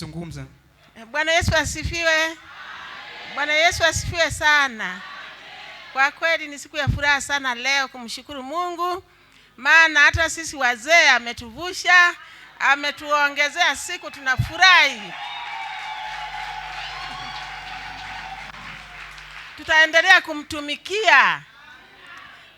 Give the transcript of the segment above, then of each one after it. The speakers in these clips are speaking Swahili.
Zungumza. Bwana Yesu asifiwe. Bwana Yesu asifiwe sana. Kwa kweli ni siku ya furaha sana leo kumshukuru Mungu, maana hata sisi wazee ametuvusha, ametuongezea siku, tunafurahi. Tutaendelea kumtumikia.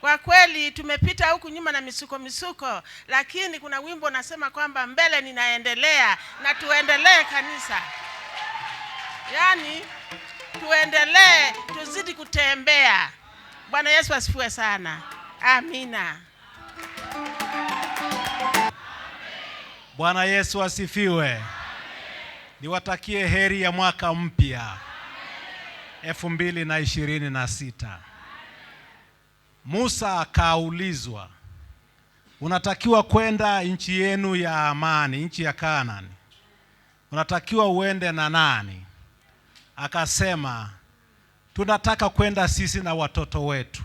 Kwa kweli tumepita huku nyuma na misuko misuko, lakini kuna wimbo unasema kwamba mbele ninaendelea, na tuendelee kanisa, yaani tuendelee, tuzidi kutembea. Bwana Yesu asifiwe sana, amina. Bwana Yesu asifiwe. Niwatakie heri ya mwaka mpya elfu mbili na ishirini na sita. Musa akaulizwa, unatakiwa kwenda nchi yenu ya amani, nchi ya Kanaani, unatakiwa uende na nani? Akasema, tunataka kwenda sisi na watoto wetu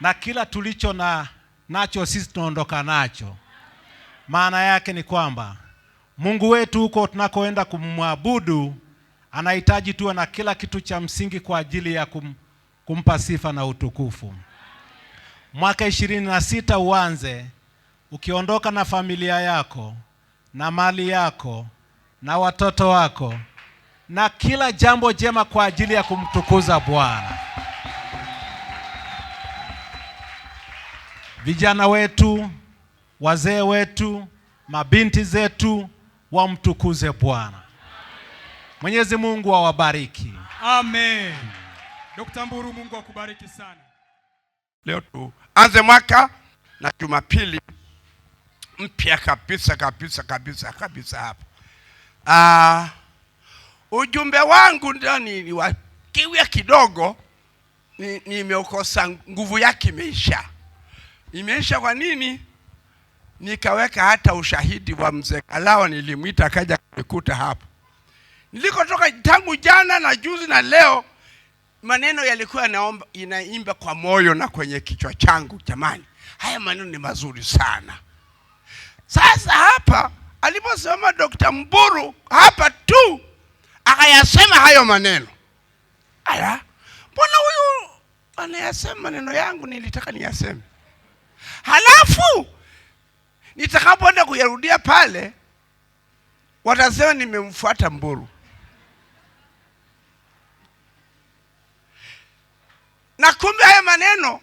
na kila tulicho na nacho sisi tunaondoka nacho. Maana yake ni kwamba Mungu wetu huko tunakoenda kumwabudu anahitaji tuwe na kila kitu cha msingi kwa ajili ya kum, kumpa sifa na utukufu mwaka ishirini na sita uanze ukiondoka na familia yako na mali yako na watoto wako na kila jambo jema kwa ajili ya kumtukuza Bwana. Vijana wetu, wazee wetu, mabinti zetu wamtukuze Bwana. Mwenyezi Mungu awabariki. Amen. Dr. Mburu, Mungu akubariki sana. Leo tuanze mwaka na Jumapili mpya kabisa kabisa kabisa kabisa hapa. Uh, ujumbe wangu ndani ni kiwia kidogo, nimeokosa ni nguvu yake imeisha, imeisha. Kwa nini? Nikaweka hata ushahidi wa mzee Kalawa, nilimwita akaja kunikuta hapo nilikotoka tangu jana na juzi na leo maneno yalikuwa naomba inaimba kwa moyo na kwenye kichwa changu, jamani, haya maneno ni mazuri sana. Sasa hapa aliposema Dr. Mburu hapa tu akayasema hayo maneno aya, mbona huyu anayasema maneno yangu nilitaka niyaseme, halafu nitakapoenda kuyarudia pale watasema nimemfuata Mburu. na kumbe haya maneno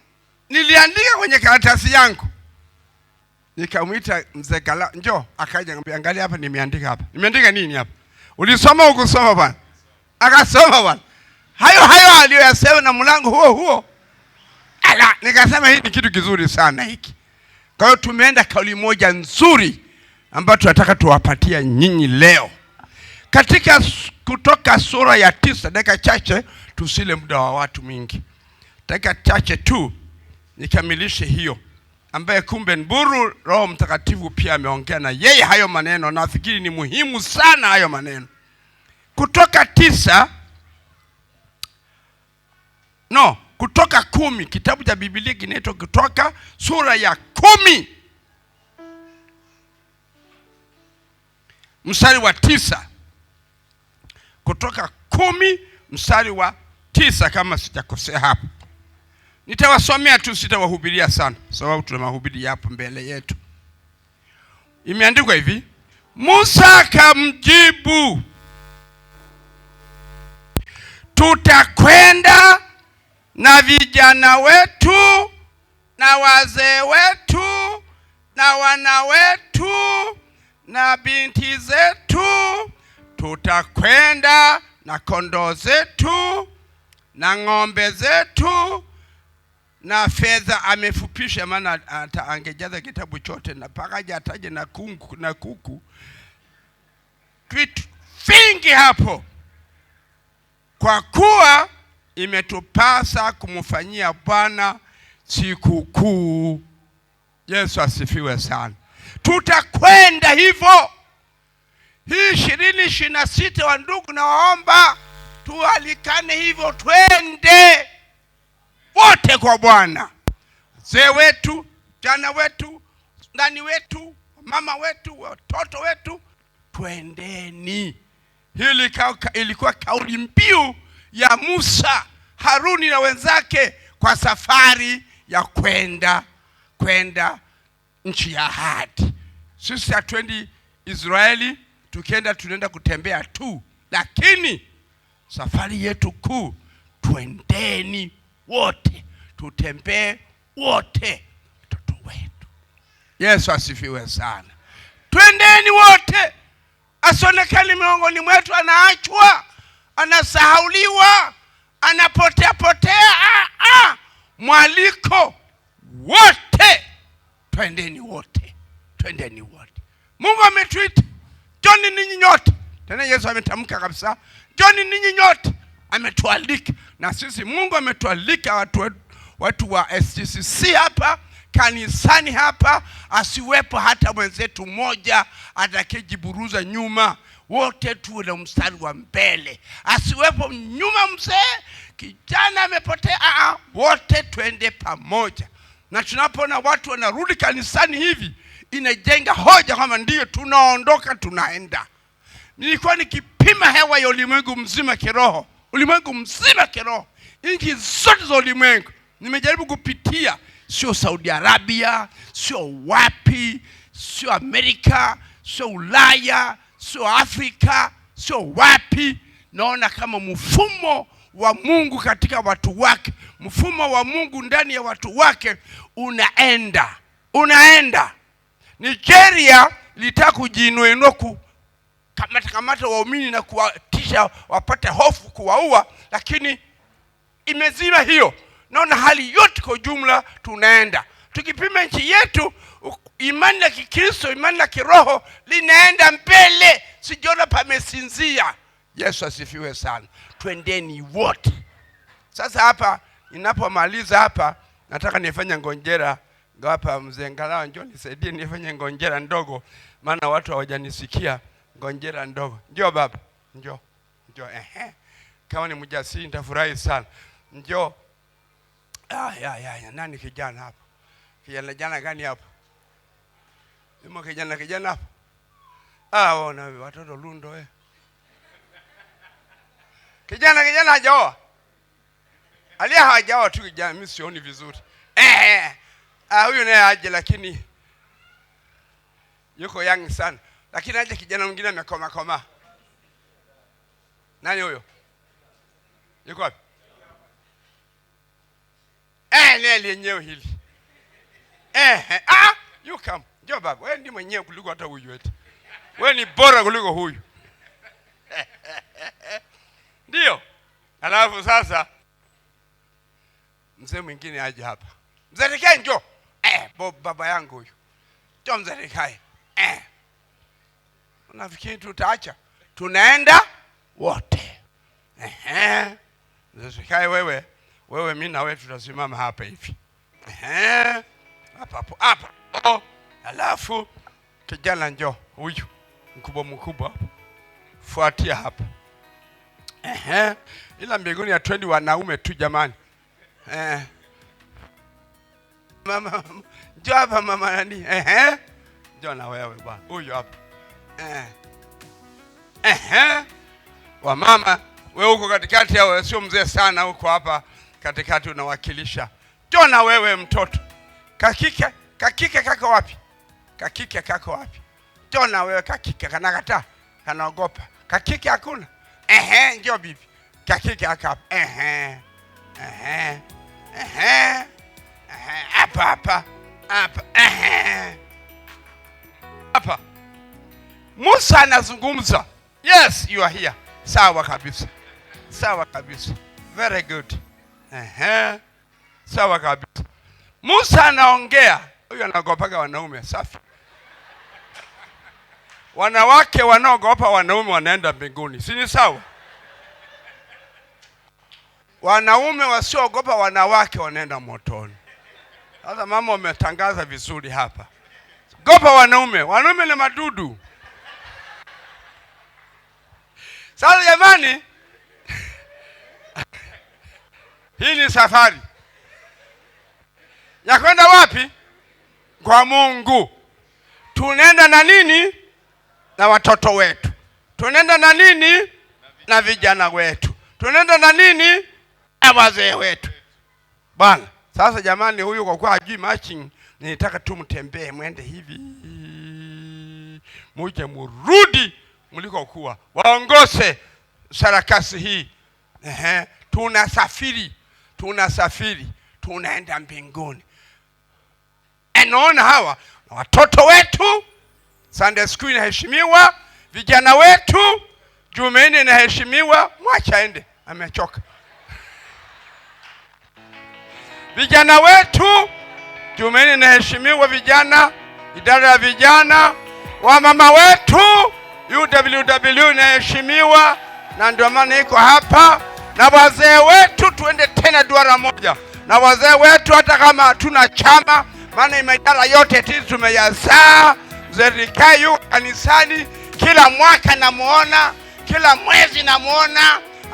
niliandika kwenye karatasi yangu. Nikamwita mzee Gala, njoo. Akaja ngambia, angalia hapa, nimeandika hapa. Nimeandika nini hapa? Ulisoma ukusoma bwana? Akasoma bwana, hayo hayo aliyoyasema na mlango huo huo. Ala, nikasema hii ni kitu kizuri sana hiki. Kwa hiyo tumeenda kauli moja nzuri ambayo tunataka tuwapatia nyinyi leo katika Kutoka sura ya tisa. Dakika chache, tusile muda wa watu mingi dakika chache tu nikamilishe hiyo, ambaye kumbe nburu Roho Mtakatifu pia ameongea na yeye hayo maneno. Nafikiri ni muhimu sana hayo maneno, Kutoka tisa no, Kutoka kumi. Kitabu cha Biblia kinaitwa Kutoka sura ya kumi mstari wa tisa. Kutoka kumi mstari wa tisa, kama sijakosea hapo. Nitawasomea tu, sitawahubiria sana, sababu tuna mahubiri yapo mbele yetu. Imeandikwa hivi, Musa akamjibu, tutakwenda na vijana wetu na wazee wetu na wana wetu na binti zetu, tutakwenda na kondoo zetu na ng'ombe zetu na fedha amefupisha, maana angejaza kitabu chote na pakaja ataje na kungu na kuku, vitu vingi hapo, kwa kuwa imetupasa kumfanyia Bwana sikukuu. Yesu asifiwe sana. Tutakwenda hivyo hii ishirini ishirini na sita, wa ndugu, nawaomba tualikane hivyo, twende wote kwa Bwana, zee wetu, jana wetu, ndani wetu, mama wetu, watoto wetu, twendeni. Hili ilikuwa kauli mbiu ya Musa, Haruni na wenzake kwa safari ya kwenda kwenda nchi ya ahadi. Sisi hatuendi Israeli, tukienda tunaenda kutembea tu, lakini safari yetu kuu, twendeni wote, tutembee wote mtoto wetu. Yesu asifiwe sana. Twendeni wote, asionekani miongoni mwetu, anaachwa, anasahauliwa, anapotea potea. Ah, ah. Mwaliko wote, twendeni wote, twendeni wote. Mungu ametuita njoni ninyi nyote, tena Yesu ametamka kabisa, njoni ninyi nyote, ametualika na sisi Mungu ametualika watu, watu wa scc hapa kanisani hapa, asiwepo hata mwenzetu mmoja atakayejiburuza nyuma, wote tuwe na mstari wa mbele, asiwepo nyuma mzee, kijana amepotea, a ah, ah, wote twende pamoja. Na tunapoona watu wanarudi kanisani hivi, inajenga hoja kwamba ndiyo tunaondoka, tunaenda. Nilikuwa nikipima hewa ya ulimwengu mzima kiroho ulimwengu mzima kiroho, nchi zote za ulimwengu nimejaribu kupitia, sio Saudi Arabia, sio wapi, sio Amerika, sio Ulaya, sio Afrika, sio wapi. Naona kama mfumo wa Mungu katika watu wake, mfumo wa Mungu ndani ya watu wake unaenda unaenda. Nigeria litaka kujiinuainua kukamatakamata waumini na kuwa kisha wapate hofu kuwaua, lakini imezima hiyo. Naona hali yote kwa ujumla tunaenda tukipima nchi yetu, imani ya Kikristo, imani ya kiroho linaenda mbele, sijiona pamesinzia. Yesu asifiwe sana, twendeni wote. Sasa hapa ninapomaliza hapa, nataka nifanye ngonjera ngawapa mzee Ngalawa, njoo nisaidie nifanye ngonjera ndogo, maana watu hawajanisikia. Ngonjera ndogo, njoo baba, njoo. Njoo, ehe. Kama ni mjasiri nitafurahi sana. njo Ah, ya, ya, ya. Nani kijana hapa? Kijana jana gani hapa? Yumo kijana kijana hapa? Ah, ona watoto lundo eh. Kijana kijana hajaoa. Alia hajaoa tu kijana, mimi sioni vizuri. Eh. Ah, huyu naye aje lakini yuko young sana. Lakini aje kijana mwingine amekoma koma. Nani huyo? Yuko wapi? Eh, neli yenyewe hili. Eh, eh, ah, you come. baba, wewe ndi mwenyewe kuliko hata huyu eti. Wewe ni bora kuliko huyu. Ndio. Alafu sasa mzee mwingine aje hapa. Mzee Rikai Eh, baba yangu huyu. Njoo mzee Eh. Unafikiri tutaacha? Tunaenda wote. Ehe, zesikae wewe wewe, mimi na wewe tutasimama hapa hivi ehe, hapa hapo hapa oh. Alafu kijana njoo, huyu mkubwa mkubwa, fuatia hapa ehe, ila mbinguni hatwendi wanaume tu jamani, ehe. Mama njoo hapa mama nani, ehe, njoo na wewe bwana, huyu hapa ehe, ehe. Wamama we huko katikati, au sio? Mzee sana huko, hapa katikati unawakilisha. Tona wewe mtoto kakike, kakike kako wapi? Kakike kako wapi? Tona wewe kakike, kanakata kanaogopa. Kakike hakuna. Ehe, ndio bibi, kakike haka ehe Ehe, ehe, ehe, hapa hapa hapa, ehe, hapa. Musa anazungumza. Yes, you are here. Sawa kabisa, sawa kabisa, very good. Ehe, sawa kabisa. Musa anaongea, huyu anaogopaga wanaume. Safi, wanawake wanaogopa wanaume wanaenda mbinguni, si ni sawa? Wanaume wasioogopa wanawake wanaenda motoni. Sasa mama, umetangaza vizuri hapa, gopa wanaume. Wanaume ni madudu. Sasa jamani, hii ni safari ya kwenda wapi? Kwa Mungu. Tunaenda na nini? Na watoto wetu. Tunaenda na nini? Na vijana wetu. Tunaenda na nini? Na wazee wetu. Bwana, sasa jamani, huyu kwa kuwa hajui matching, nilitaka tu mtembee, mwende hivi muje murudi mlikokuwa, waongoze sarakasi hii. Ehe, tunasafiri tunasafiri, tunaenda mbinguni. Anaona hawa na watoto wetu, Sunday school inaheshimiwa, vijana wetu Jumanne inaheshimiwa. Mwacha aende, amechoka. Vijana wetu Jumanne inaheshimiwa, vijana, idara ya vijana, wamama wetu UWW inaheshimiwa na ndio maana iko hapa na wazee wetu, tuende tena duara moja na wazee wetu, hata kama hatuna chama, maana imejara yote tizi tumeyazaa. Mzee Rigathi kanisani kila mwaka, namuona kila mwezi, namuona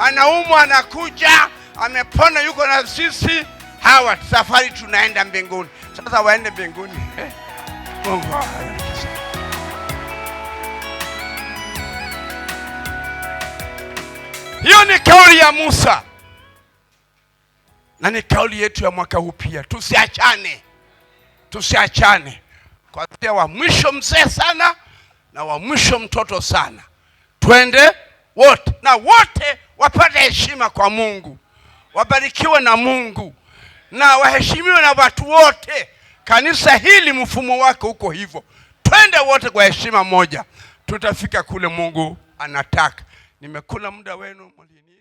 anaumwa, anakuja, amepona, yuko na sisi. Hawa safari tunaenda mbinguni, sasa waende mbinguni eh? Mungu Hiyo ni kauli ya Musa na ni kauli yetu ya mwaka huu pia, tusiachane, tusiachane. Kwanzia wa mwisho mzee sana na wa mwisho mtoto sana, twende wote na wote wapate heshima kwa Mungu, wabarikiwe na Mungu na waheshimiwe na watu wote. Kanisa hili mfumo wake uko hivyo, twende wote kwa heshima moja, tutafika kule Mungu anataka. Nimekula muda wenu mlini